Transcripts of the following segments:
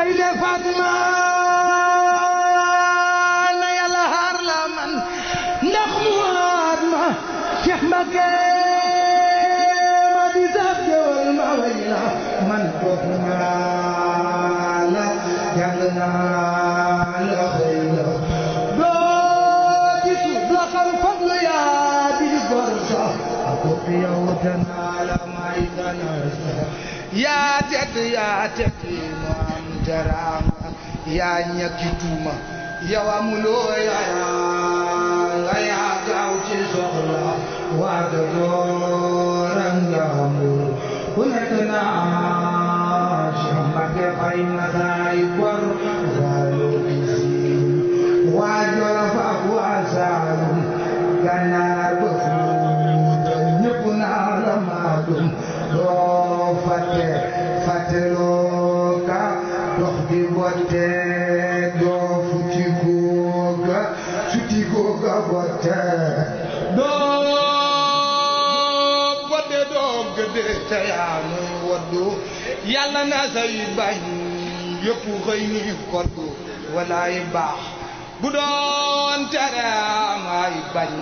وليد Fatma na yàlla xaar la man ndax mu waat ma Cheikh Mbacké ma di sax teewal ma way la man bopp naa la jàng naa la xëy la doo gisu la xam fadlu yaa di gor sax ak yow danaa la may danaa sax yaa tedd yaa tedd daraam waa da dooran nga ku nekk ganaar ba fuuta ñëpp naa la maalum doo fàtte dox bi bottee doo futti googa futti googa bottee doo bottee doo gëdde te yaa waddu yàlla na say bañ yëpp xëy ni koddu bu doon tere amaay bañ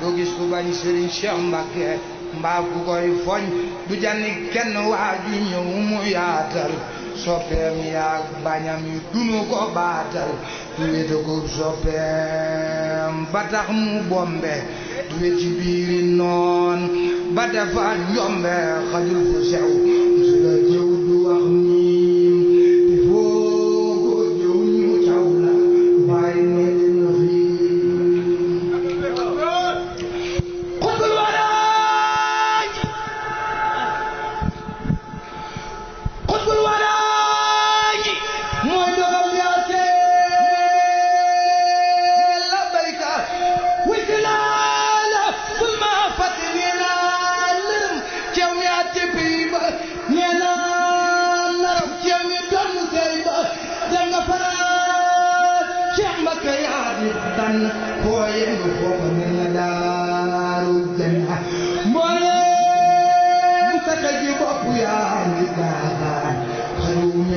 doo ku bañ Serigne Cheikh Mbacké mbaa ku foñ du janni kenn waaju ñëw yaatal soppeem yaag bañam yi dunu ko baatal wéete ko soppeem ba tax mu bombe wéeti biiri noon ba defar njombe xajul fu sew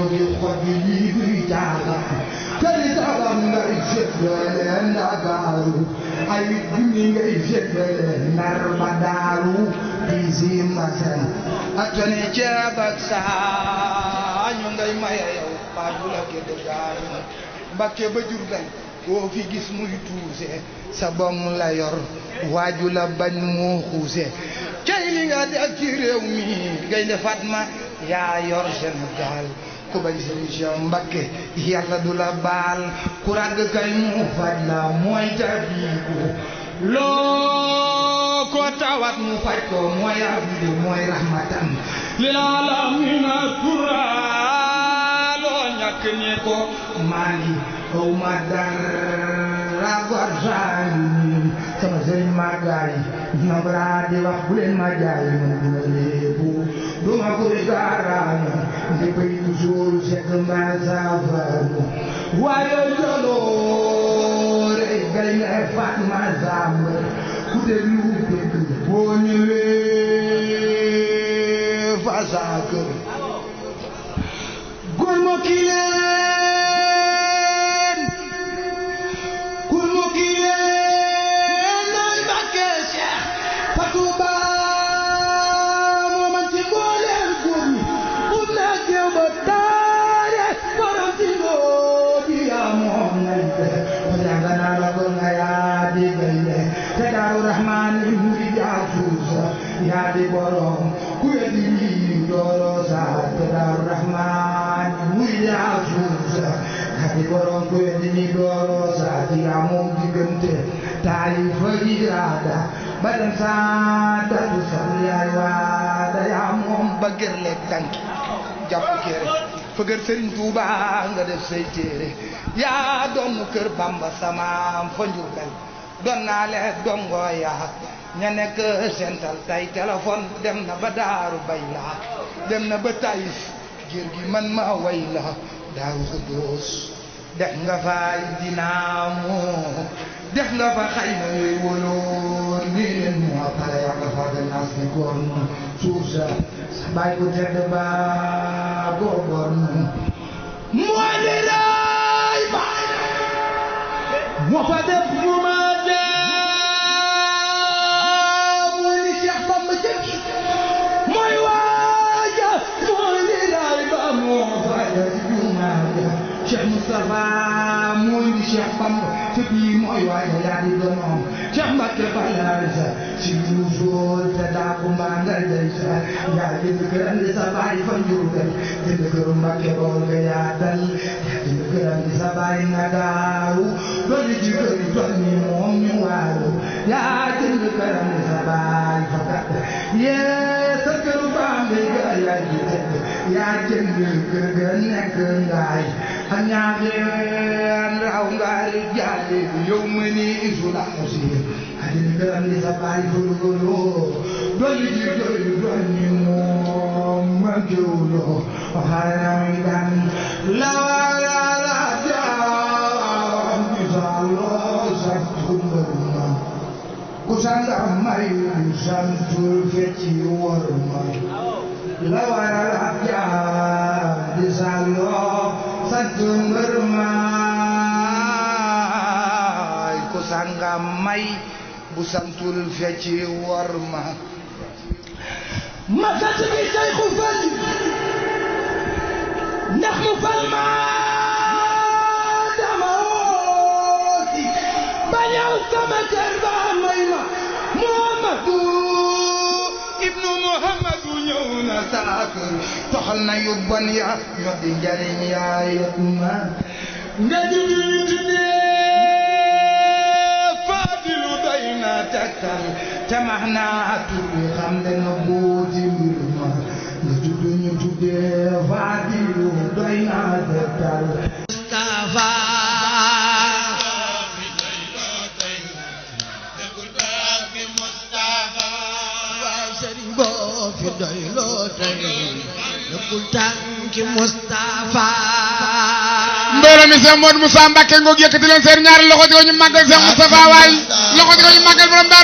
di xol bi lii buy jaaxal te li dalam ngay jëfale ndagaaru ay junni ngay jëfale ndar ba daaru di zima sen atone ceeb ak saa ngay maye yow baa du la gëdd gaaru mbakke ba jur koo fi gis muy tuuse sa bom la yor waaju bañ moo xuuse cay li nga def ci réew mi gaynde Fatma yaa yor Sénégal ku bañ solution mbakke yàlla du la baal ku ràgg kay mu faj la mooy tabiibu loo ko tawat mu faj mooy abdi mooy rahmatan lil alamina turaa loo ñàkk ñi ko maali aw ma dara gor saani sama sëriñ ma gaay na di wax bu leen ma jaay man duma ko daaraana di bay toujours c'est ma savane waaye jaloore gay na faat ma zamb ku de lu bëgg boo ñëwee fa sa kër góor moo ñi ko doon ko yónni ñi dooroo saa ci amoon diggante taalifa iraada ba dem saa datu sam yaa moom ba gër leeg tànk jàpp kere fëgër sëriñ Tuuba nga def say téere yaa doon kër Bamba samaam fa njurbel doon naa le dongo yaa ña nekk sental tay téléphone dem na ba daaru bay laa dem na ba tayis gir gi man ma way la daaru xuddoos def nga fay dinaamu def nga xayma yuy wóoloon nii leen mu wax pare yàq fa gànnaas ni kon suuf sa bàyyi ko tedd ba raay ba moo fa def mu ma Moustapha mooy li Cheikh Bamba te bii mooy waaye yaa di doomam Cheikh di sa baay fan jurugal jënd këru Mbacke bool nga yaa dal jënd këram di sa baay nga daaru dolli ci kër yi toll ni moom ñu waaru yaa jënd këram di sa baay fa kat yee sa këru baa ngay gaa yaa ji tëdd النادر العوبة الرجال يومني سودا حسين هذا اللي سبعي فلولو بلدي كل بني مجولو وحرام دم لا لا لا جاء مثال سبتم برما كسان دمي كسان تلفتي ورما لا لا لا جاء مثال Ahmadu Nurma iku sangga mai busantul feci warma متى تبي شيخ فن نحن فالما دموتي بني السمك أربعة ميلة محمد saakir soxna yu bon ya ñoo di njariñ yaay ma nga di ne faadilu doy na tegtal te max naa tuddi xam ne na booti mbir ma nga tudd ñu tuddee faadilu doy na tegtal fi doyloo tey nekkul tànki Moustapha. Ndoro mi Seex Moodu Moussa Mbacke ngoog yëkkati leen seen ñaari loxo di ko ñu màggal Seex Moustapha waay loxo di ko ñu màggal borom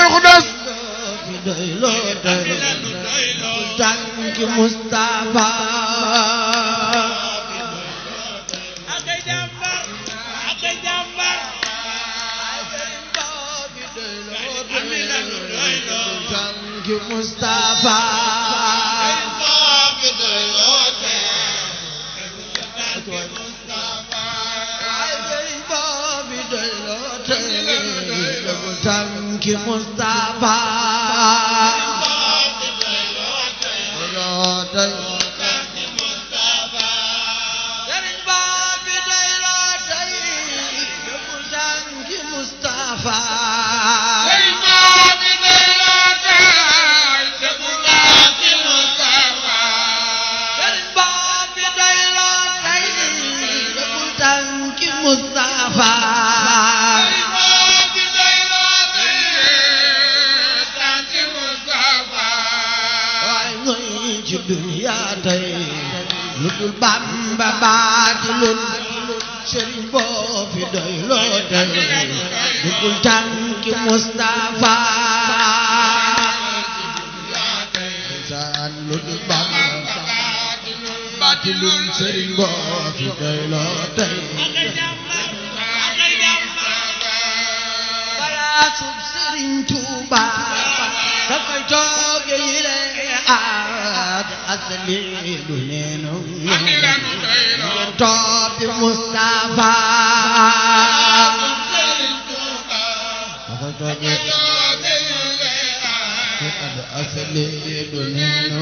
Mustafa que mostrava Bamba baatilun sëriñ boo fi doy loo doy dugul tànki Mustafa sanul Bamba baatilun sëriñ boo fi doy loo doy palaasu sëriñ Tuuba da koy jooge yi leen عاد أسلي لين طاب مصطفى أسلي لين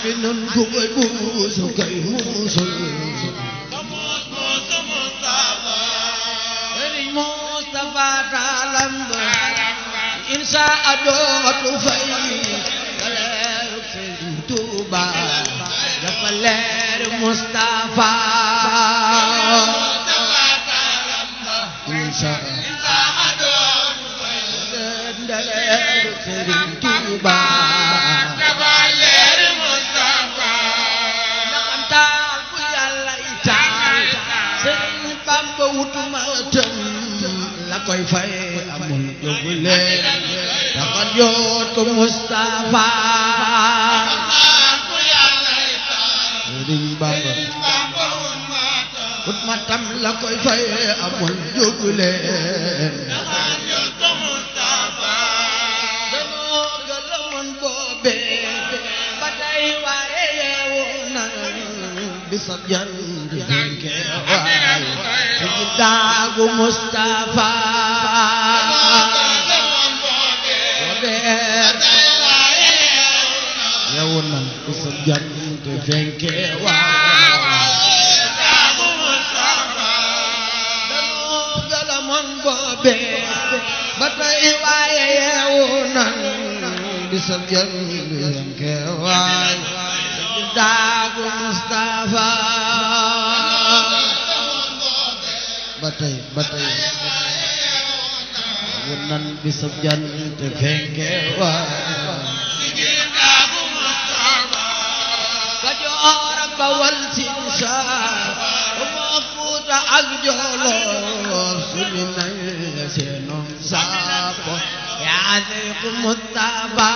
fi nun ku koy muusu koy muusu samuus muusu Mustafa Sëriñ Mustafa taalam ba insa adootu fay leeru Sëriñ Tuuba dafa leer Mustafa insa adootu fay leeru Sëriñ koy fay amul jógu leen con yoon ko Mustafa ba Sëriñ Bamba ut matam la koy fay amul jógu leen bisab yan di dinke waay ci daagu Mustafa sa jàmm te fenkee waaw saabu Mustafa danoo galamoon boobee ba tey waaye yeewu nan di sa jàmm te fenkee waaw saabu Mustafa ba tey ba tey nan di sa jàmm te fenkee waaw wal sinsaar ma fuuta ak jooloor suli nay seenum saako yaa seyku mustapha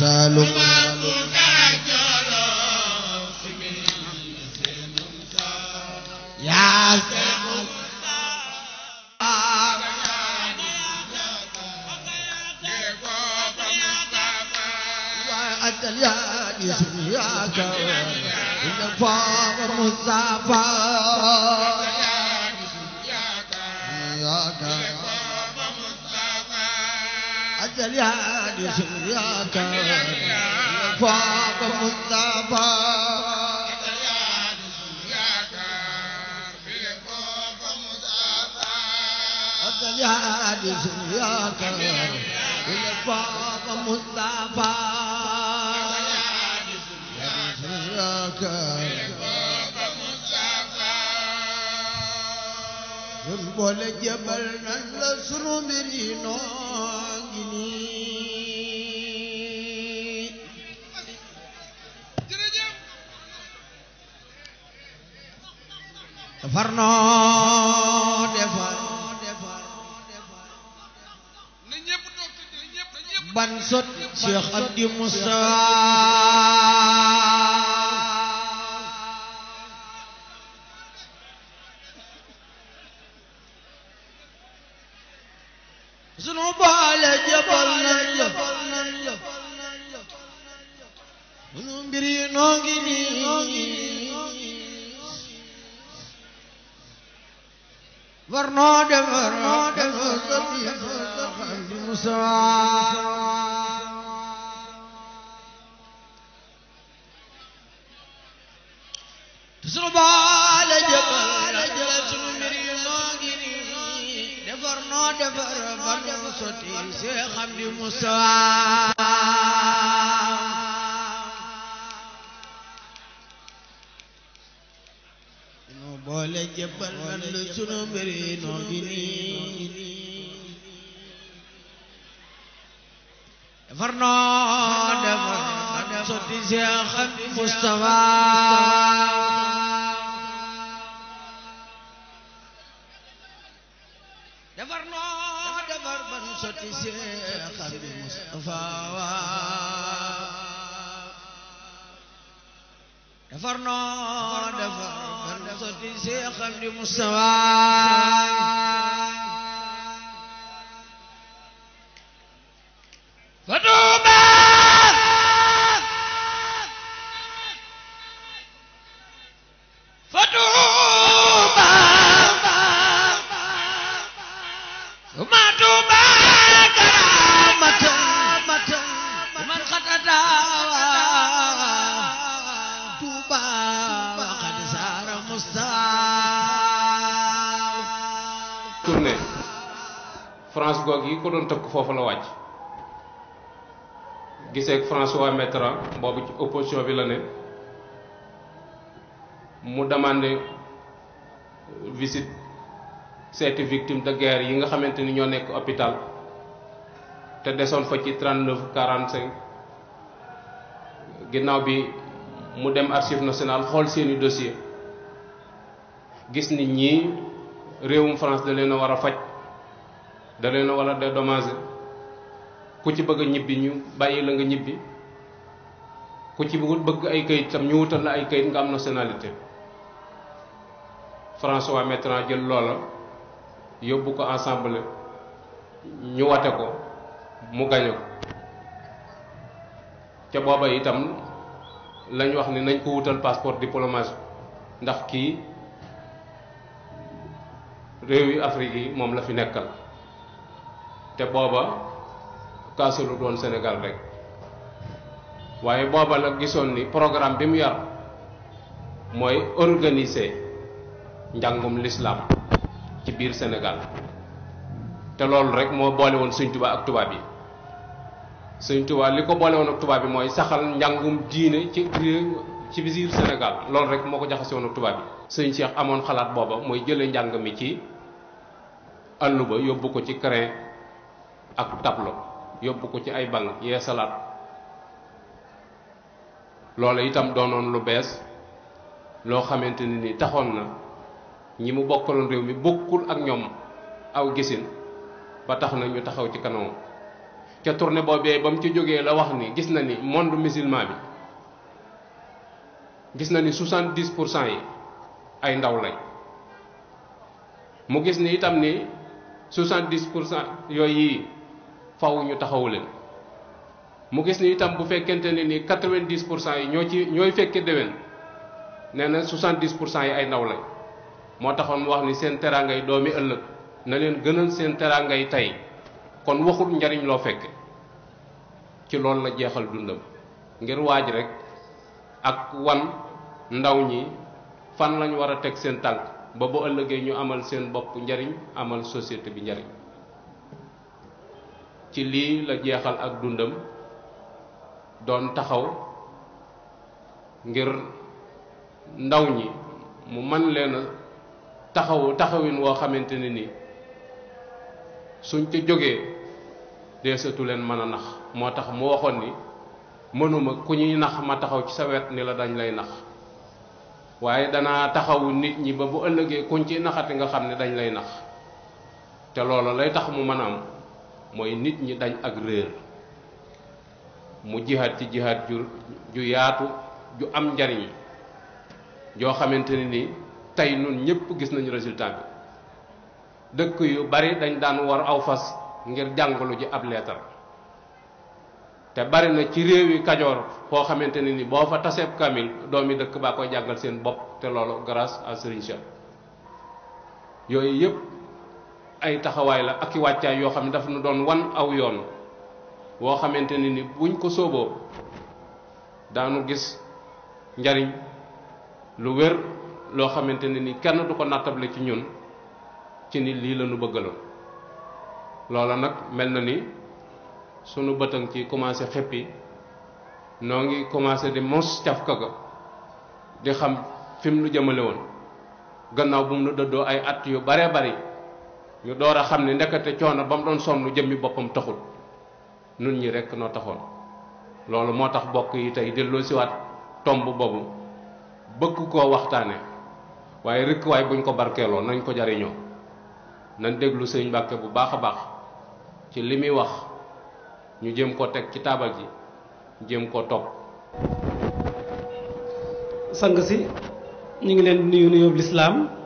saalum يا دي سياكا يا بابا مصطفى boole jëbal nañ la sunu mbir yi noo ngi nii defar noo defar ban sot Cheikh Abdi Moussa مرنا دمر موسى تصرب على جبل دبرنا دبر بنو ستي سي خمدي موسى المصطفى defar noo defar ban sotti Seex bi Mustafa defar noo defar ban sotti Seex bi Mustafa ko doon tëkk foofu la wàcc gisee François Mitterrand boobu ci opposition bi la ne mu demandé visite seeti victime de guerre yi nga xamante ni ñoo nekk hôpital te desoon fa ci 39 45 ginnaaw bi mu dem archive nationale xool seeni dossier gis nit ñi réewum France da leen a faj da leen wala da dommage ku ci bëgg ñibbi ñu bàyyi la nga ñibbi ku ci bëgg ay kayit tam ñu wutal la ay kayit nga am nationalité François Mitterrand jël loola yóbbu ko assemblée ñu wate ko mu gañe ko ca booba itam lañ wax ni nañ ko wutal passeport diplomage ndax kii réew Afrique yi moom la fi nekkal te booba kaasalu doon Sénégal rek waaye booba nag gisoon ni programme bi mu yar mooy organiser njàngum l'islam ci biir Sénégal te loolu rek moo boole woon Sëñ ak tubaab yi Sëñ Tuubaa li ko boole woon ak tubaab yi mooy saxal njàngum diine ci ci biir Sénégal loolu rek moo ko jaxase woon ak tubaab yi Sëñ Cheikh amoon xalaat booba mooy jële njàng mi ci àlluba yóbbu ko ci CREI ak tablo yóbbu ko ci ay bang yee salaat loola itam doonoon lu bees loo xamante ni ni taxoon na ñi mu bokkaloon réew mi bokkul ak ñoom aw gisin ba tax na ñu taxaw ci kanamam ca tournée boobee ba mu ci jógee la wax ni gis na ni monde musulman bi gis na ni 70 pour cent yi ay ndaw lañ mu gis ni itam ni 70 pour cent yooyu faw ñu taxawu leen mu gis ni itam bu fekkente ne ni quatre vingt pour cent yi ñoo ci ñooy fekkee déwén nee na soixante-dix pour cent yi ay ndaw lañ moo taxoon mu wax ni seen teraangay doomi ëllëg na leen gënal seen teraangay tey kon waxul njariñ loo fekke ci loolu la jeexal dundam ngir waaj rek ak wan ndaw ñi fan lañ war a teg seen tànk ba bu ëllëgee ñu amal seen bopp njariñ amal société bi njariñ ci lii la jeexal ak dundam doon taxaw ngir ndaw ñi mu mën leen taxawu taxawin woo xamante ne ni suñ ca jógee deesatu leen mën a nax moo tax mu waxoon ni mënuma ku ñuy nax ma taxaw ci sa wet ni la dañ lay nax waaye danaa taxawu nit ñi ba bu ëllëgee kuñ ci naxati nga xam ne dañ lay nax te loolu lay tax mu mën a am mooy nit ñi dañ ak réer mu jihaat ci jihaat ju ju yaatu ju am njariñ joo xamante ni ni tey nun ñëpp gis nañu résultat bi dëkk yu bari dañ daan war aw fas ngir jàngalu ji ab leetar te bari na ci réew yi kajoor foo xamante ni ni boo fa taseeb kamil doomi dëkk baa koy jàngal seen bopp te loolu grâce à yooyu yëpp ay taxawaay la ak i wàccaay yoo daf nu doon wan aw yoon woo xamante ne ni buñ ko sóoboo daanu gis njariñ lu wér loo xamante ne ni kenn du ko nattable ci ñun ci ni lii la nu bëggaloon loola nag mel na ni sunu bëtang ci commencé xeppi noo ngi commencé di mos cafka ga di xam fim nu jëmale woon gannaaw bu mu nu dëddoo ay at yu bare bari ñu door a xam ne ndekete coono ba mu doon sonn jëmmi boppam taxul nun ñi rekk noo taxoon loolu moo tax bokk yi tey delloo siwaat tomb boobu bëgg koo waxtaanee waaye rëkk waay buñ ko barkeeloo nañ ko jariñoo nañ déglu sëñ Mbàkke bu baax a baax ci li muy wax ñu jëm koo teg ci taabal ji jëm koo topp sang si ñu ngi leen nuyu nuyoob lislaam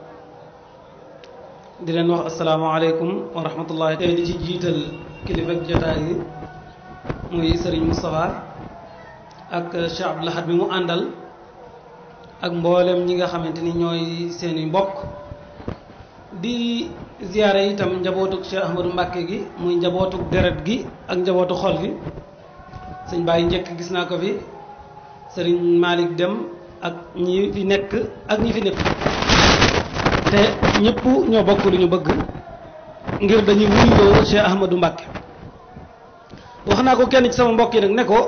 di leen wax asalaamaaleykum wa rahmatullahi tey di ci jiital kilifa ak jotaay yi muy Serigne Moustapha ak Cheikh Abdou Lahad bi mu àndal ak mboolem ñi nga xamante ni ñooy seeni mbokk di ziyaare itam njabootuk Cheikh Ahmadou Mbacke gi muy njabootu deret gi ak njabootu xol gi sëñ Baye njëkk gis naa ko fi sëriñ Malick Dem ak ñi fi nekk ak ñi fi nekk te ñëpp ñoo bokk lu ñu bëgg ngir dañuy wuyuloo Cheikh Ahmadou Mbacke wax naa ko kenn ci sama mbokk yi nag ne ko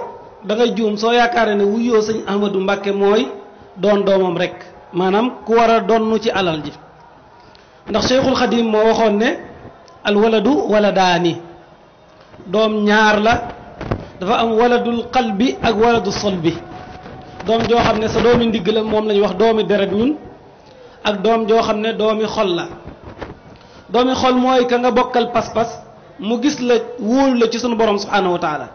da ngay juum soo yaakaaree ne wuyoo sëñ Ahmadou Mbacke mooy doon doomam rek maanaam ku war a donnu ci alal ji ndax Cheikhul Khadim moo waxoon ne al waladu daani doom ñaar la dafa am waladul bi ak waladu bi doom joo xam ne sa doomi ndigg la moom la ñuy wax doomi deret ñun ak doom joo xam ne doomi xol la doomi xol mooy ka nga bokkal pas-pas mu gis la wóolu la ci suñu borom subhanahu wa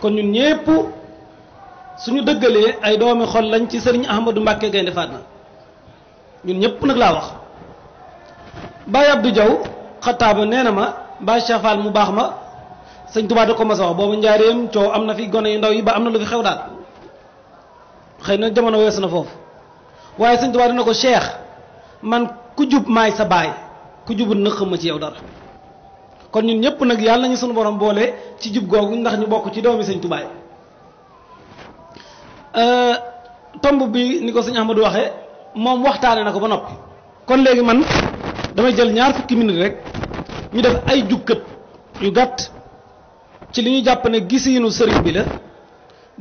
kon ñun ñépp suñu dëggalee ay doomi xol lañ ci sëriñ Ahmadou Mbàkke Gaynde Fatma ñun ñépp nag laa wax Baye Abdou Diaw xataaba nee na ma Baye Chafal mu baax ma sëñ Tuubaa da ko mas a wax boobu njaareem coow am na fi gone yu ndaw yi ba am na lu fi xew daal xëy na jamono weesu na foofu waaye sëñ tubaa dina ko cheikh man ku jub maay sa baay ku jubul nëqma ci yow dara kon ñun ñëpp nag yàlla nañu sunu borom boole ci jub googu ndax ñu bokk ci doomi sëñ euh, tomb bi ni ko sëñ ahmadou waxe moom waxtaane na ko ba noppi kon léegi man damay jël ñaar fukki minute rek ñu def ay jukkat yu gàtt ci li ñu jàpp ne gisiinu sëriñ bi la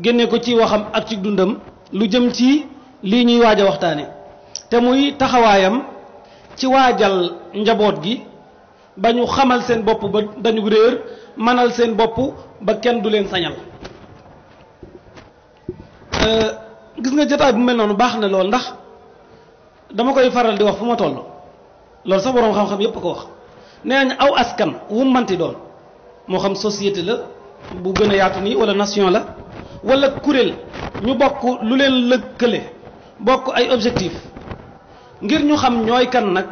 génne ko ci waxam ak ci dundam lu jëm ci lii ñuy waaj a waxtaane te muy taxawaayam ci waajal njaboot gi ba ñu xamal seen bopp ba dañu réer manal seen bopp ba kenn du leen sañal euh, gis nga jotaay bu mel noonu baax na lool ndax dama koy faral di wax fu ma toll loolu sax boroom xam-xam yépp ko wax nee nañ aw askan wu manti doon moo xam société la bu gën a yaatu nii walla nation la walla kuréel ñu bokk lu leen lëkkale bokk ay objectif ngir ñu xam ñooy kan nag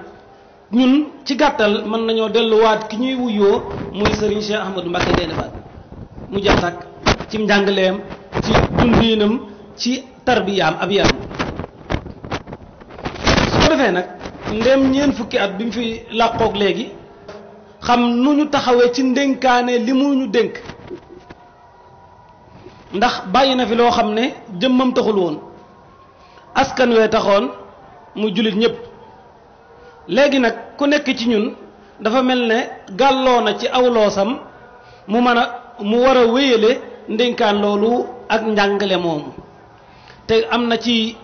ñun ci gàttal mën nañoo delluwaat ki ñuy wuyoo muy Serigne Cheikh Ahmadou Mbacké Gaïndé Fatma mu jeex ci njàngaleem ci dundiinam ci tarbiyaam ab yaram su ko defee nag ndem ñeen fukki at bi mu fi làqook léegi xam nu ñu taxawee ci ndénkaane li mu ñu dénk ndax bàyyi na fi loo xam ne jëmmam taxul woon askan wee taxoon mu jullit ñépp léegi nag ku nekk ci ñun dafa mel ne gàlloo na ci awloosam mu mën a mu war a wéyale ndénkaan loolu ak njàngale moomu te am na ci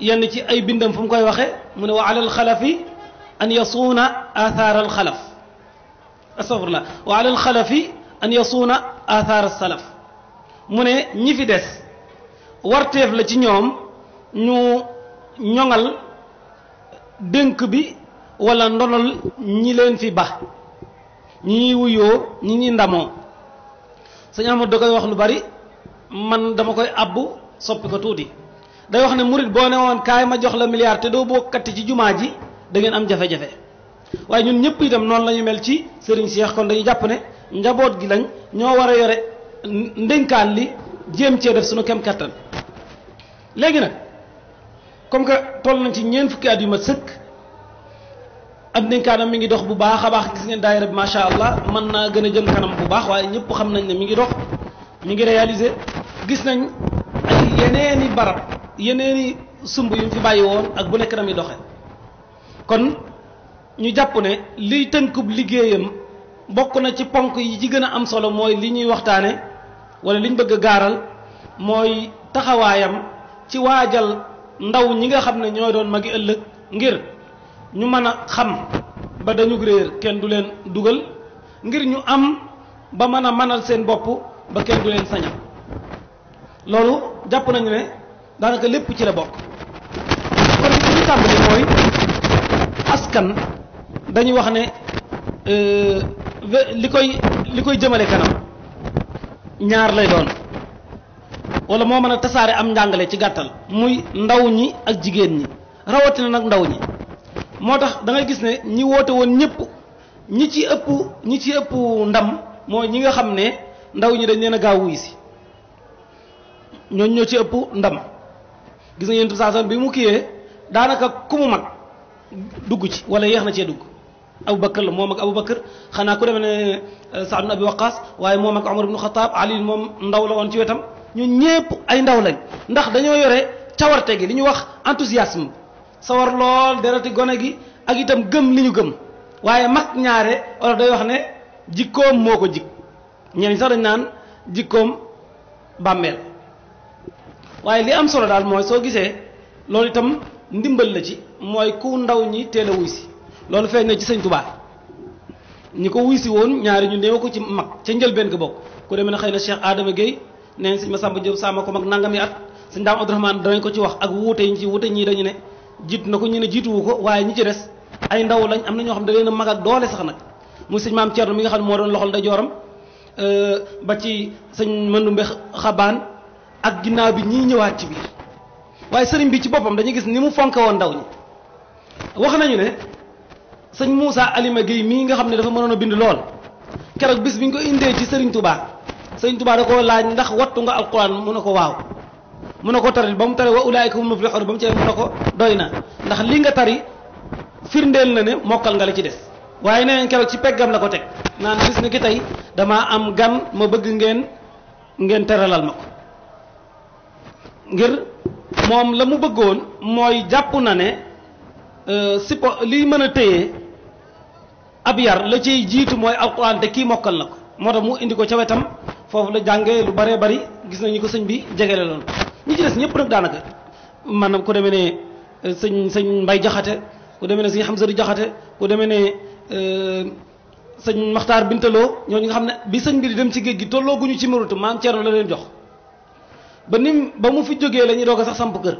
yenn ci ay bindam fu mu koy waxe mu ne wa alal xalafi an yasuuna athaar al xalaf astafurlah wa alal xalafi an yasuuna athaar salaf mu ne ñi fi des warteef la ci ñoom ñu ñoŋal dënk bi wala ndonol ñi leen fi ba ñi ñuy wuyoo ñi ñuy ndamoo sëñ Amadou da koy wax lu bari man dama koy abbu soppi ko tuuti day wax ne murit boo ne woon kaay ma jox la milliard te doo bokkati ci jumaa ji da ngeen am jafe-jafe waaye ñun ñëpp itam noonu la mel ci sëriñ Seex kon dañu jàpp ne njaboot gi lañ ñoo war a yore ndénkaan li jéem cee def suñu kem kattan léegi nag comme que toll nañ ci ñeent fukki at yu ma sëkk am nañ kaanam mi ngi dox bu baax a baax gis ngeen daay bi macha allah mën naa gën a jën kanam bu baax waaye ñëpp xam nañ ne mi ngi dox mi ngi réalisé gis nañ ay yeneeni barab yeneeni sumb yu mu fi bàyyi woon ak bu nekk na doxe kon ñu jàpp ne liy tënkub liggéeyam bokk na ci ponk yi ci gën a am solo mooy li ñuy waxtaane wala li ñu bëgg a gaaral mooy taxawaayam ci waajal ndaw ñi nga xam ne ñoo doon magi ëllëg ngir ñu mën a xam ba dañu réer kenn du leen dugal ngir ñu am ba mën a mënal seen bopp ba kenn du leen sañal loolu jàpp nañu ne daanaka lépp ci la bokk kon li ñu tàmbali mooy askan dañuy wax ne euh, li koy li koy jëmale kanam ñaar lay doon wala moo mën a tasaare am njàngale ci gàttal muy ndaw ñi ak jigéen ñi rawatina nag ndaw ñi moo tax da gis ne ñi woote woon ñëpp ñi ci ëpp ñi ci ndam mooy ñi nga xam ne ndaw ñi dañ leen a gaaw wuy ñooñ ñoo ci ëpp ndam gis nga yéen saasan bi mu kiyee daanaka ku mu mag dugg ci wala yeex na cee dugg Aboubacar la moom ak Aboubacar xanaa ku demee ne eh, Saad ibn Abi waaye moom ak Omar ibn Xataab Ali moom ndaw la woon ci wetam ñun ñépp ay ndaw lañ ndax dañoo yore cawarte gi li ñu wax enthousiasme sawar lool derati gone gi ak itam gëm li ñu gëm waaye mag ñaare wala day wax ne jikkoom moo ko jik ñenn sax dañ naan jikkoom bàmmeel waaye li am solo daal mooy soo gisee loolu itam ndimbal la ci mooy ku ndaw ñi teel a si loolu feeñ na ci sëñ Tuubaa ñi ko wuy si woon ñaari ñu néew ko ci mag ca njëlbeen ko bokk ku demee ne xëy na Cheikh aadama Gueye neen sëñ Masamba Diop saama ko mag nangami at sëñ Daam Abdourahmane danañ ko ci wax ak wuute yi ci wuute ñii dañu ne jiitu na ko ñu ne jiituwu ko waaye ñi ci des ay ndaw lañ am na ñoo xam ne da leen a mag ak doole sax nag muy sëñ maam Thierno mi nga xam ne moo doon loxol da jooram euh, ba ci sëñ Mandumbe Xabaan ak ginnaaw bi ñii ñëwaat ci biir sëriñ bi ci boppam dañuy gis ni mu fonke ndaw wax nañu ne sëñ Moussa Alima Guèye mii nga xam ne dafa mënoon a bind lool keroog bis bi ñu ko indee ci sëriñ Touba sëñ Tuubaa da koo laaj ndax wattu nga alquran mu ne ko waaw mu ne ko taril ba mu tari wa ulaayika hum muflixuun ba mu ne ko doy na ndax li nga tari firndeel na ne mokkal nga la ci des waaye nee nañ keroog ci peggam la ko teg naan gis na ki tey damaa am gan ma bëgg ngeen ngeen teralal ma ko ngir moom la mu bëggoon mooy jàpp na ne euh, sipo liy mën a téye ab yar la ciy jiitu mooy alquran te kii mokkal na ko moo tax mu indi ko ca wetam foofu la jàngee lu baree bari gis nañu ko sëñ bi jegele loon ñi ci des ñëpp nag daanaka man maanaam ku demee ne euh, sëñ sëñ mbay jaxate ku demee ne sëñ xam sari jaxate ku demee ne euh, sëñ maxtaar bintaloo ñooñu nga xam ne bi sëñ bi di dem ci géej gi tollooguñu ci marutu maam ceerno la leen jox ba nim ba mu fi jógee la ñuy doog a sax samp kër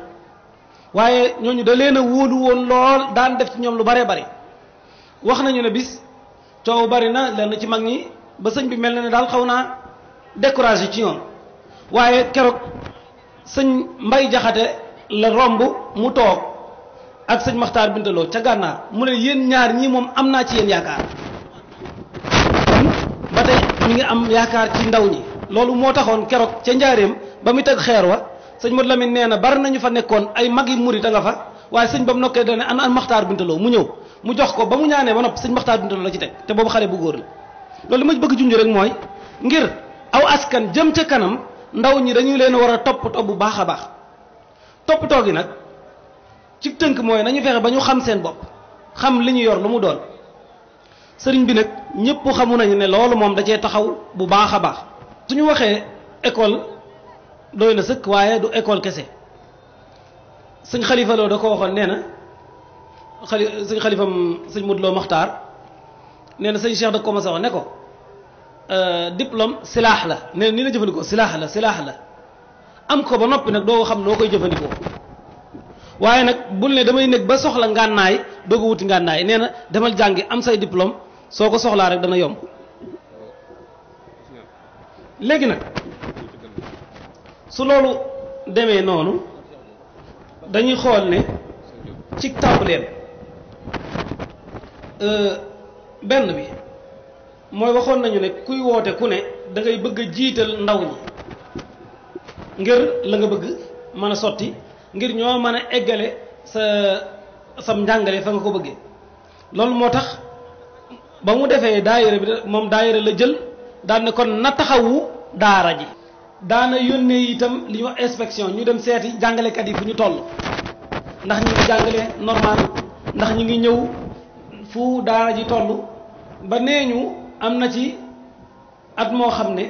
waaye ñooñu da leen a wóolu woon lool daan def ci ñoom lu baree bari wax nañu ne bis coow bari na lenn ci mag ñi ba sëñ bi mel na ne daal xaw naa découragé ci ñoom waaye keroog sëñ mbay jaxate la romb mu toog ak sëñ maxtaar bindaloo ca gànnaar mu ne yéen ñaar ñi moom am naa ci yéen yaakaar ba tey mi ngi am yaakaar ci ndaw ñi loolu moo taxoon keroog ca njaareem ba mu teg xeer wa sëñ mod lamin nee na bari nañu fa nekkoon ay mag yi murit a nga fa waaye sëñ ba mu nokkee dane an an maxtaar bintaloo mu ñëw mu jox ko ba mu ñaanee ba nopp sëñ maxtaar bintaloo la ci teg te boobu xale bu góor la loolu ma bëgg junj rek mooy ngir aw askan jëm ca kanam ndaw ñi dañuy leen war a toppatoo bu baax a baax toppatoo gi nag ci tënk mooy nañu fexe ba ñu xam seen bopp xam li ñu yor lu mu doon sëriñ bi nag ñëpp xamu nañu ne loolu moom da taxaw bu baax a baax su ñu waxee école doy na sëkk waaye du école kese sëñ xalifa loo da ko waxoon nee na xali sëñ xalifam sëñ Modou loo Maxtaar nee na sëñ Cheikh da ko commencé wax ne ko Euh, diplôme silaax la nee ni la jëfandikoo silaax la silaax la am ko ba noppi nag doo xam noo koy jëfandikoo waaye nag bul ne damay nekk ba soxla ngànnaay doo ko wuti ngànnaay nee na demal jàngi am say diplôme soo ko soxlaa rek dana yomb léegi nag su loolu demee noonu dañuy xool ne ci tàmbaleen euh, benn bi mooy waxoon nañu ne kuy woote ku ne dangay bëgg a jiital ndaw ñi ngir la nga bëgg mën a sotti ngir ñoo mën a eggale sa sam njàngale fa nga ko bëggee loolu moo tax ba mu defee daayira bi moom daayira la jël daan ne kon na taxawu daara ji daana yónnee itam li ñuy wax inspection ñu dem seeti jàngalekat yi fu ñu toll ndax ñu ngi jàngale normal ndax ñu ngi ñëw fu daara ji toll ba nee ñu am na ci at moo xam ne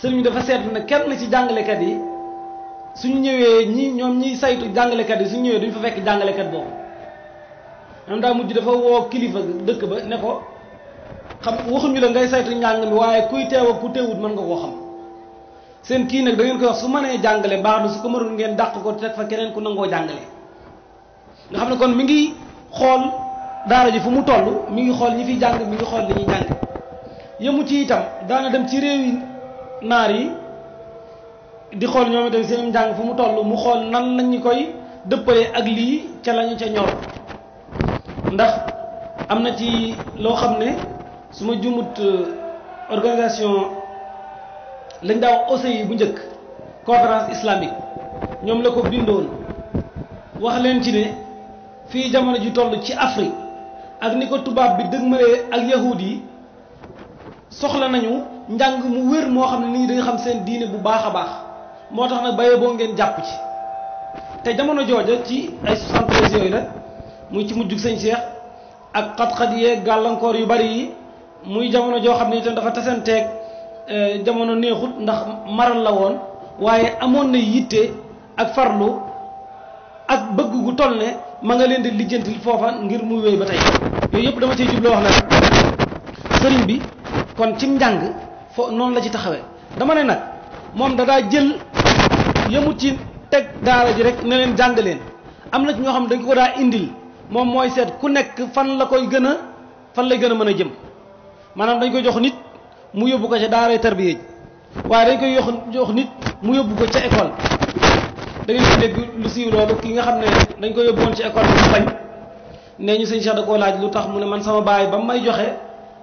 sëriñ dafa seetlu ne kenn ci jàngalekat yi suñu ñëwee ñi ñoom ñiy saytu jàngalekat yi suñu ñëwee duñu fa fekk jàngalekat boobu am daa mujj dafa woo kilifa dëkk ba ne ko xam waxuñu la ngay saytu njàng waaye kuy teew ku teewut mën nga koo xam seen kii nag dangeen ngeen koy wax su mënee jàngale baax na su ko mënul ngeen dàq ko teg fa keneen ku nangoo jàngale nga xam ne kon mi ngi xool daal ji fu mu toll mi ngi xool ñi fi jàng mi ngi xool li jàng yëmu ci itam daana dem ci réew yi naar yi di xool ñoom itam seen njàng fu mu toll mu xool nan lañu koy dëppalee ak lii ca lañu ca ñor ndax am na ci loo xam ne su ma jumut euh, organisation lañ daaw OCI bu njëkk conférence islamique ñoom la ko bindoon wax leen ci ne fii jamono ji toll ci Afrique ak ni ko tubaab bi dëgmalee ak yahud yi soxla nañu njàng mu wér moo xam ne nit ñi dañu xam seen diine bu baax a baax moo tax nag bayee boo ngeen jàpp ci te jamono jooja ci ay 73 yooyu la muy ci mujjug sëñ Cheikh ak xat-xat yeeg gàllankoor yu bari yi muy jamono joo xam ne itam dafa tasanteeg eh, jamono neexut ndax maral la woon waaye amoon na yitte ak farlu ak bëgg gu toll ne ma nga leen di lijjantil foofa ngir mu wéy ba tey yooyu yëpp dama ci jublu wax na sëriñ bi kon ci njàng fo noonu la ci taxawee dama ne nag moom da jël yëmu ci teg daara ji rek ne leen jàng leen am na ci ñoo xam ne dañ ko daa indil moom mooy seet ku nekk fan la koy gën a fan lay gën a mën a jëm maanaam dañ koy jox nit mu yóbbu ko ca daara tarbiya ji waaye dañ koy jox nit mu yóbbu ko ca école da ngeen dégg lu siiw loolu ki nga xam ne dañ ko yóbboon ci école bi bañ nee ñu sëñ Cheikh da koo laaj lu tax mu ne man sama baay ba may joxe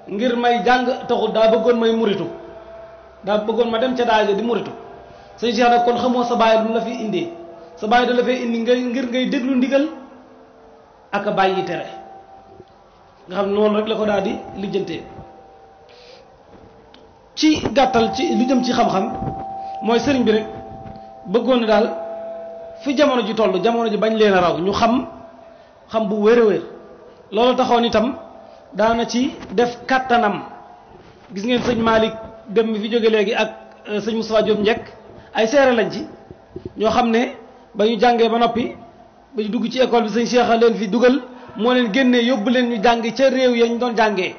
ngir may jàng taxul daa bëggoon may muritu daa bëggoon ma dem ca daaje di muritu sëñ Cheikh nag kon xamoo sa baay lu la fi indee sa baay da la indi nga ngir ngay déglu ndigal ak a bàyyi tere nga xam noonu rek la ko daal di lijjantee ci gàttal ci lu jëm ci xam-xam mooy sëriñ bi rek bëggoon na daal. fi jamono ji toll jamono ji bañ leen a raw ñu xam xam bu wér a wér loolu taxoon itam daana ci def kàttanam gis ngeen sëñ Malick dem mi fi jóge léegi ak euh, sëñ Moustapha Diop njekk ay seere lañ ci ñoo xam ne ba ñu jàngee ba noppi ba ñu dugg ci école bi sëñ Cheikh leen fi dugal moo leen génnee yóbbu leen ñu jàng ca réew yañ doon jàngee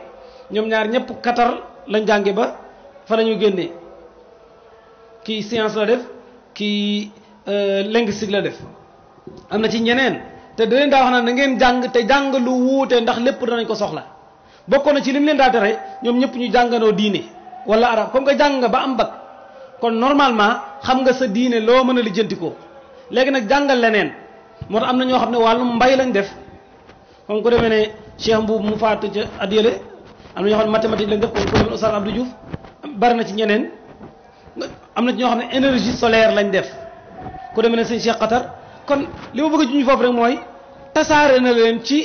ñoom ñaar ñëpp Qatar lañ jàngee ba fa la ñu génnee kii science la def kii Euh, linguistique la def am na ci ñeneen te da leen daa wax naan da ngeen jàng te jàng lu wuute ndax lépp danañ ko soxla bokkoon na ci li leen daa tere ñoom ñëpp ñu jànganoo diine wala arab comme que jàng nga ba am bag kon normalement xam nga sa diine loo mën a lijjanti ko léegi nag jàngal leneen moo tax am na ñoo xam ne wàllu mbay lañ def comme ko demee ne Cheikh Mbuub mu faatu ca at yële am na ñoo xam ne mathématique lañ def comme ku demee Oustaz bari na ci ñeneen am na ñoo xam ne énergie solaire lañ def ku demee ne sëñ Cheikh Qatar kon li ma bëgg a juñu foofu rek mooy tasaare na leen ci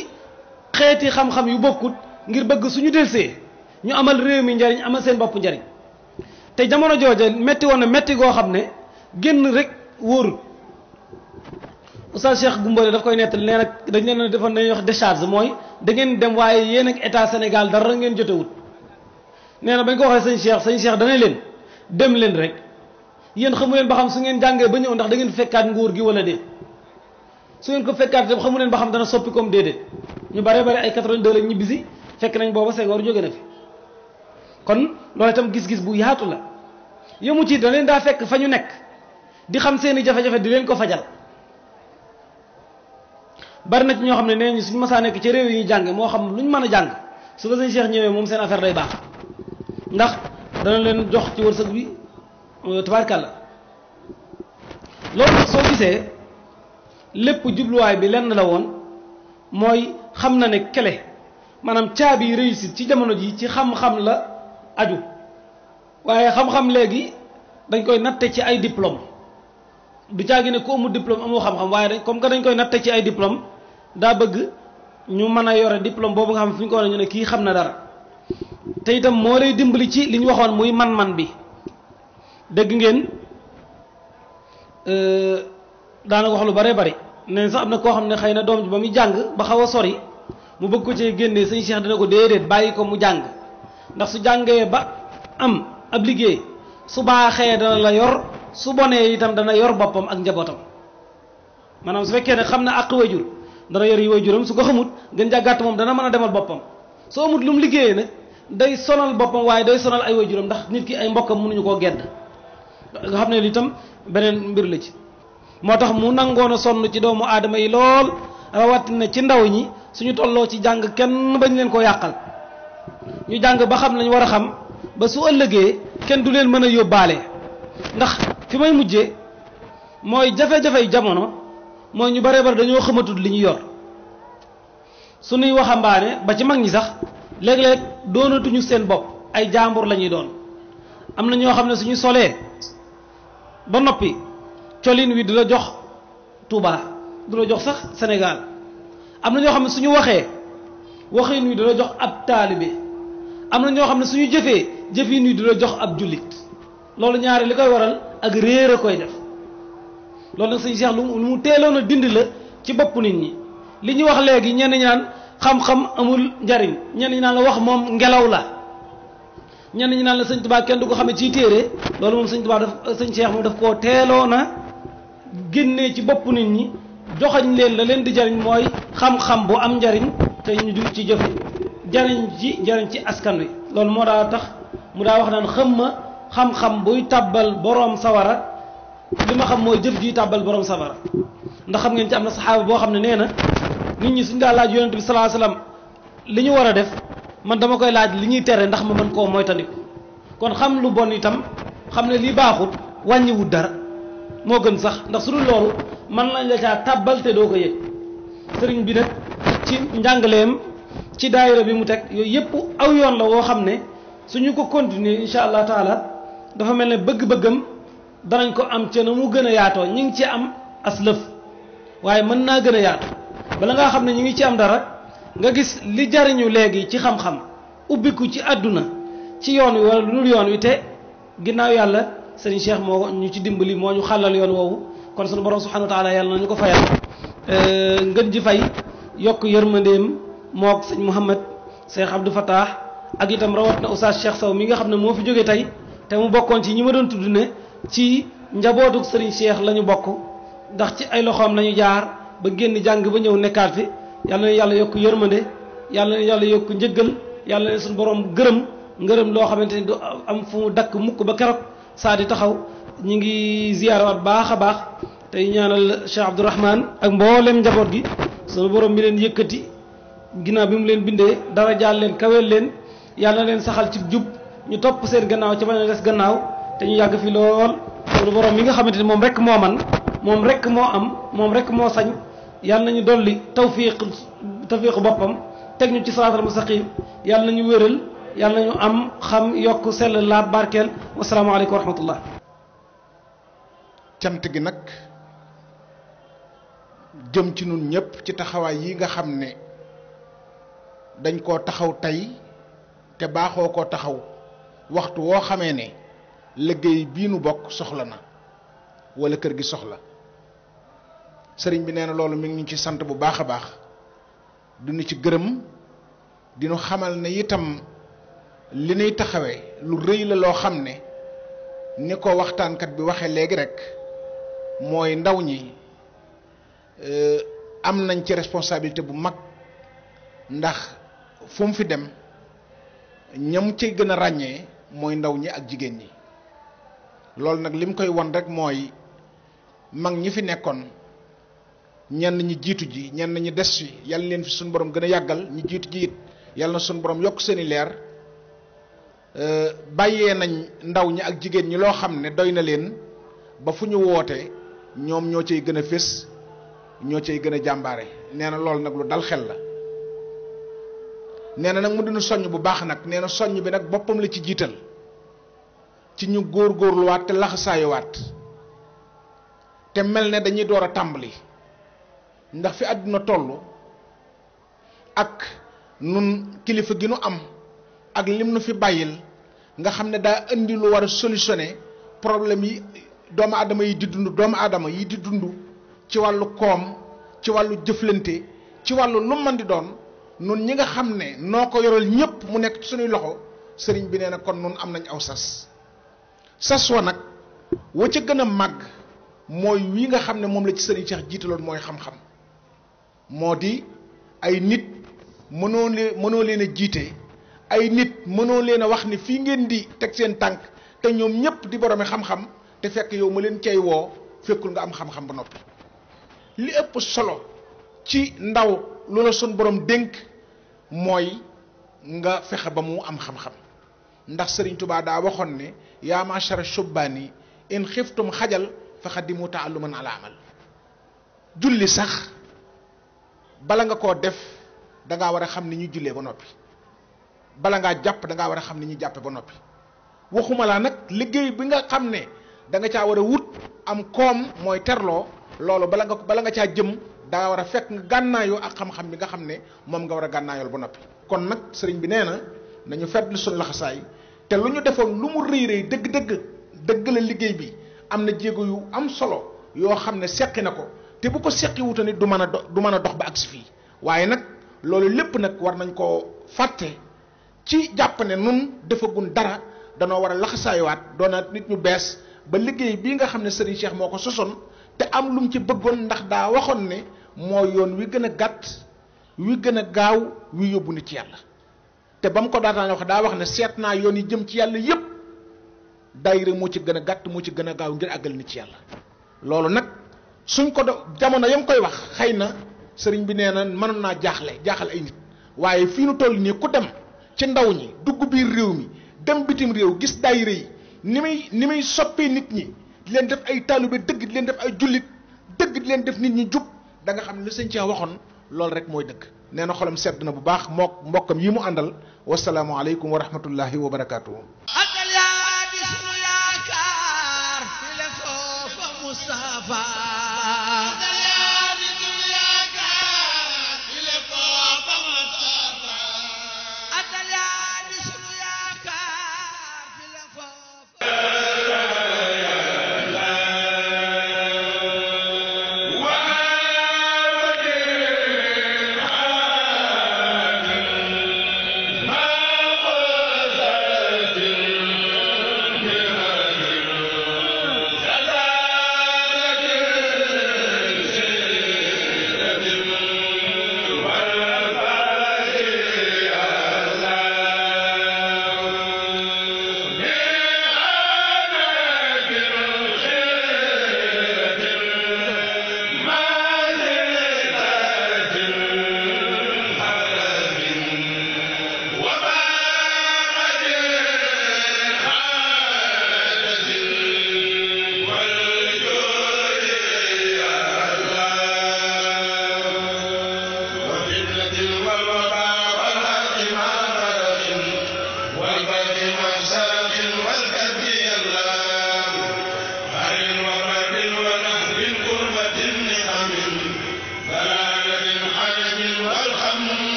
xeeti xam-xam yu bokkut ngir bëgg suñu delsee ñu amal réew mi njariñ amal seen bopp njariñ te jamono jooja métti woon na métti goo xam ne génn rek wóorul oustaz Cheikh Gumbale daf koy nettali nee nag dañ leen defoon nañuy wax décharge mooy da ngeen dem waaye yéen ak état Sénégal dara ngeen jotewut nee na bañ ko waxee sëñ Cheikh sañ Cheikh dana leen dem leen rek yéen xamu leen ba xam su ngeen jàngee ba ñëw ndax da ngeen nguur gi wala déet su ngeen ko fekkaat dem xamu leen ba xam dana soppi comme déedéet ñu bare bare ay 82 lañ ñibbisi fekk nañ booba Senghor jóge na fi kon loolu itam gis-gis bu yaatu la yëmu ci da leen daa fekk fa ñu di xam seeni jafe-jafe di leen ko fajal bari na ci ñoo xam ne suñu masaa nekk ci réew yi ñu jàng xam luñ mën a su ko sëñ Cheikh ñëwee moom seen affaire day baax ndax dana jox ci bi Euh, tabaarkàlla loolu nag soo gisee lépp jubluwaay bi lenn la woon mooy xam na ne kele maanaam caabi réussite ci jamono ji ci xam-xam la aju waaye xam-xam léegi dañ koy natte ci ay diplôme du caagi ne ku amul diplôme amoo xam-xam waaye dañ comme que dañ koy natte ci ay diplôme daa bëgg ñu mën a yore diplôme boobu nga xam fu ñu ko war a ñu ne kii xam na dara te itam moo lay dimbali ci li waxoon muy man-man bi dégg ngeen euh, daanaka wax lu bare bari neen sax am na koo xam ne xëy na doom ji ba muy jàng ba xaw a sori mu bëgg ko cee génnee sëñ Cheikh dina ko déedéet bàyyi ko mu jàng ndax su jàngee ba am ab liggéey su baaxee dana la yor su bonee itam dana yor boppam ak njabootam maanaam su fekkee ne xam na àq wayjur dana yor yi wayjuram su ko xamut gën jàggaat moom dana mën a demal boppam soo amut lu mu liggéeyee nag day sonal boppam waaye day sonal ay wayjuram ndax nit ki ay mbokkam mënuñu koo gedd nga xam ne li itam beneen mbir la ci moo tax mu nangoon a sonn ci doomu aadama yi lool rawatina ci ndaw ñi suñu tolloo ci jàng kenn bañ leen ko yàqal ñu jàng ba xam lañ war a xam ba su ëllëgee kenn du leen mën a yóbbaale ndax fi may mujjee mooy jafe-jafey jamono mooy ñu bare bare dañoo xamatul li ñu yor nuy waxambaane ba ci mag ñi sax léeg-léeg doonatuñu seen bopp ay jaambur lañuy doon am na ñoo xam ne suñu solee ba noppi colin wi du la jox Touba du la jox sax Sénégal am na ñoo xam ne suñu waxee waxin wi du la jox ab taalibe am na ñoo xam ne suñu jëfee jëfin wi du la jox ab jullit loolu ñaari li koy waral ak réer a koy def loolu nag suñu seex lu mu teeloon a dindi la ci bopp nit ñi li ñu wax léegi ñenn ñaan xam-xam amul njariñ ñenn ñi naan la wax moom ngelaw la ñenn ñi naan la sëñ Tuubaa kenn du ko xam xamee ciy téere loolu moom sëñ Tuubaa daf sëñ Cheikh moom daf koo teeloon na génnee ci bopp nit ñi joxañ leen la leen di jariñ mooy xam-xam bu am njariñ te ñu du ci jëf jariñ ci jariñ ci askan wi loolu moo daa tax mu daa wax naan xam ma xam-xam buy tàbbal boroom sawara li ma xam mooy jëf ji tàbbal boroom sawara ndax xam ngeen ci am na saxaaba boo xam ne nee na nit ñi suñ daa laaj yonent bi salaa li ñu war a def man dama koy laaj li ñuy tere ndax ma mën koo moytandiku kon xam lu bon itam xam ne li baaxut wàññiwut dara moo gën sax ndax su dul loolu mën nañ la tàbbal te doo ko yëg sëriñ bi nag ci njàngaleem ci daayira bi mu teg yooyu yëpp aw yoon la woo xam ne suñu ko continuer incha allah taala dafa mel ne bëgg-bëggam danañ ko am ca na mu gën a yaatoo ñi ngi ci am aslëf waaye mën naa gën a yaatu bala ngaa xam ne ñi ngi ci am dara nga gis li jariñu léegi ci xam-xam ubbiku ci àdduna ci yoon wi wala lu dul yoon wi te ginnaaw yàlla sëriñ Cheikh moo ñu ci dimbali moo ñu xàllal yoon woowu kon sunu borom subhanahu yàlla na ñu ko fayal euh, ngën ji fay yokk yërmandeem mook sëñ Mouhamad Cheikh Abdou Fattah ak itam rawat na Oustaz Cheikh Sow mi nga xam ne moo fi jógee tey te mu bokkoon ci ñi ma doon tudd ne ci njabootuk sëriñ Cheikh la ñu bokk ndax ci ay loxoom la ñu jaar ba génn jàng ba ñëw nekkaat yàlla na yàlla yokk yërmande yàlla na yàlla yokk njëggal yàlla na suñu borom gërëm ngërëm loo xamante ni du am fu mu dakk mukk ba keroog saa di taxaw ñi ngi ziyaarawaat baax a baax tey ñaanal Cheikh Abdourahman ak mboolem njaboot gi suñu borom mi leen yëkkati ginnaaw bi mu leen bindee dara jaal leen kaweel leen yàlla na leen saxal ci jub ñu topp seen gannaaw ci bañ des gannaaw te ñu yàgg fi lool suñu borom mi nga xamante ni moom rek moo man moom rek moo am moom rek moo sañ yàlla nañu dolli tawfiq tawfiq boppam teg ñu ci siraatal mustaqim yàlla nañu wéral yàlla nañu am xam yokk sell laab barkeel wasalaamaaleykum wa rahmatullah cant gi nag jëm ci nun ñëpp ci taxawaay yi nga xam ne dañ koo taxaw tey te baaxoo koo taxaw waxtu woo xamee ne liggéey bii nu bokk soxla na wala kër gi soxla sëriñ bi nee na loolu mi ngi ñu ci sant bu baax a baax duñu ci gërëm dinu xamal ne itam li nuy taxawee lu rëy la loo xam ne ni ko waxtaankat bi waxee léegi rek mooy ndaw ñi euh, am nañ ci responsabilité bu mag ndax fu mu fi dem ñam ci gën a ràññee mooy ndaw ñi ak jigéen ñi loolu nag li mu koy won rek mooy mag ñi fi nekkoon ñenn ñi jiitu ji ñenn ñi des fi yàlla leen fi suñu boroom gën a yàggal ñi jiitu ji it yàlla na suñu borom yokk seen i leer euh, bàyyee nañ ndaw ñi ak jigéen ñi loo xam ne doy na leen ba fu ñu wootee ñoom ñoo cay gën a fës ñoo cay gën a jàmbaare nee na loolu nag lu dal xel la nee na nag mu dina soññ bu baax nag nee na soññ bi nag boppam la ci jiital ci ñu góor góorluwaat te laxasaayuwaat te mel ne dañuy door a tàmbali ndax fi àdduna toll ak nun kilifa gi nu am ak lim nu fi bàyyil nga xam ne daa indi lu war a solutionné problème yi doomu aadama yi di dund doomu aadama yi di dund ci wàllu koom ci wàllu jëflante ci wàllu lu doon nun ñi nga xam ne noo ko yoral ñépp mu nekk ci suñuy loxo sëriñ bi nee na kon nun am nañ aw sas sas wa nag wa ca gën a màgg mooy wi nga xam ne moom la ci sëriñ Cheikh jiitaloon mooy xam-xam moo di ay nit mënoo leen mënoo leen a jiite ay nit mënoo leen a wax ni fii ngeen di teg seen tànk te ñoom ñépp di borome xam-xam te fekk yow ma leen cay woo fekkul nga am xam-xam ba noppi li ëpp solo ci ndaw lu la sun borom dénk mooy nga fexe ba mu am xam-xam ndax sëriñ Touba daa waxoon ne yaa machara shubbaani in xiftum xajal fexe di mu fa xadimu naa la amal julli sax bala nga koo def da war a xam ni ñu jullee ba noppi bala ngaa jàpp da war a xam ni ñu jàppe ba noppi waxuma laa nag liggéey bi nga xam ne da nga caa war a wut am koom mooy terloo loolu bala nga bala nga caa jëm daa war a fekk nga gànnaayoo ak xam-xam bi nga xam ne moom nga war a gànnaayool ba noppi. kon nag sëriñ bi nee na nañu fedd suñu laxasaay te lu ñu defoon lu mu rëy rëy dëgg-dëgg dëgg la liggéey bi am na jéego yu am solo yoo xam ne seqi na ko. te bu ko seqi wuta nit du mën a do du mën a dox ba agsi fii waaye nag loolu lépp nag war nañ koo fàtte ci jàpp ne nun defagun dara danoo war a laxasaayuwaat doonaat nit ñu bees ba liggéey bii nga xam ne Serigne Cheikh moo ko sosoon te am lu mu ci bëggoon ndax daa waxoon ne moo yoon wi gën a gàtt wi gën a gaaw wi yóbbu nit ci yàlla te ba mu ko daataan wax daa wax ne seet naa yoon yi jëm ci yàlla yépp daayira moo ci gën a gàtt moo ci gën a gaaw ngir àggal nit ci yàlla loolu nag suñ ko do jamono yam koy wax xëy na sëriñ bi nee na mënoon naa jaaxle jaaxal ay nit waaye fi nu toll nii ku dem ci ndaw ñi dugg biir réew mi dem bitim réew gis daayira yi ni muy ni muy soppee nit ñi di leen def ay taalibe dëgg di leen def ay jullit dëgg di leen def nit ñi jub da nga xam ne li sëñ Cheikh waxoon loolu rek mooy dëkk nee na xolam sedd na bu baax mook mbokkam yi mu àndal wasalaamualeykum wa rahmatullahi wa barakaatu.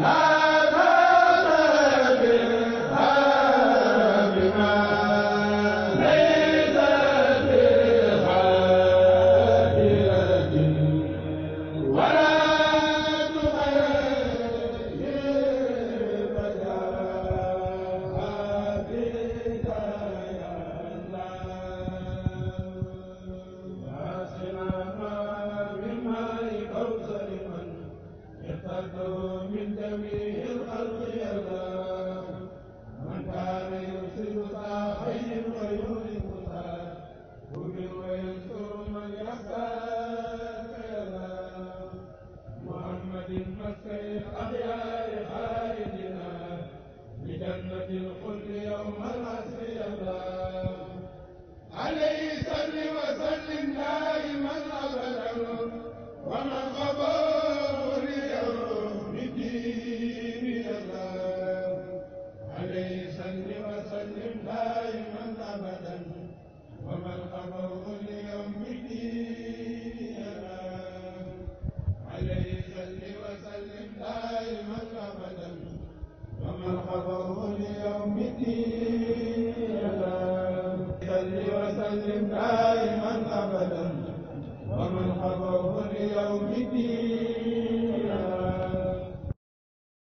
La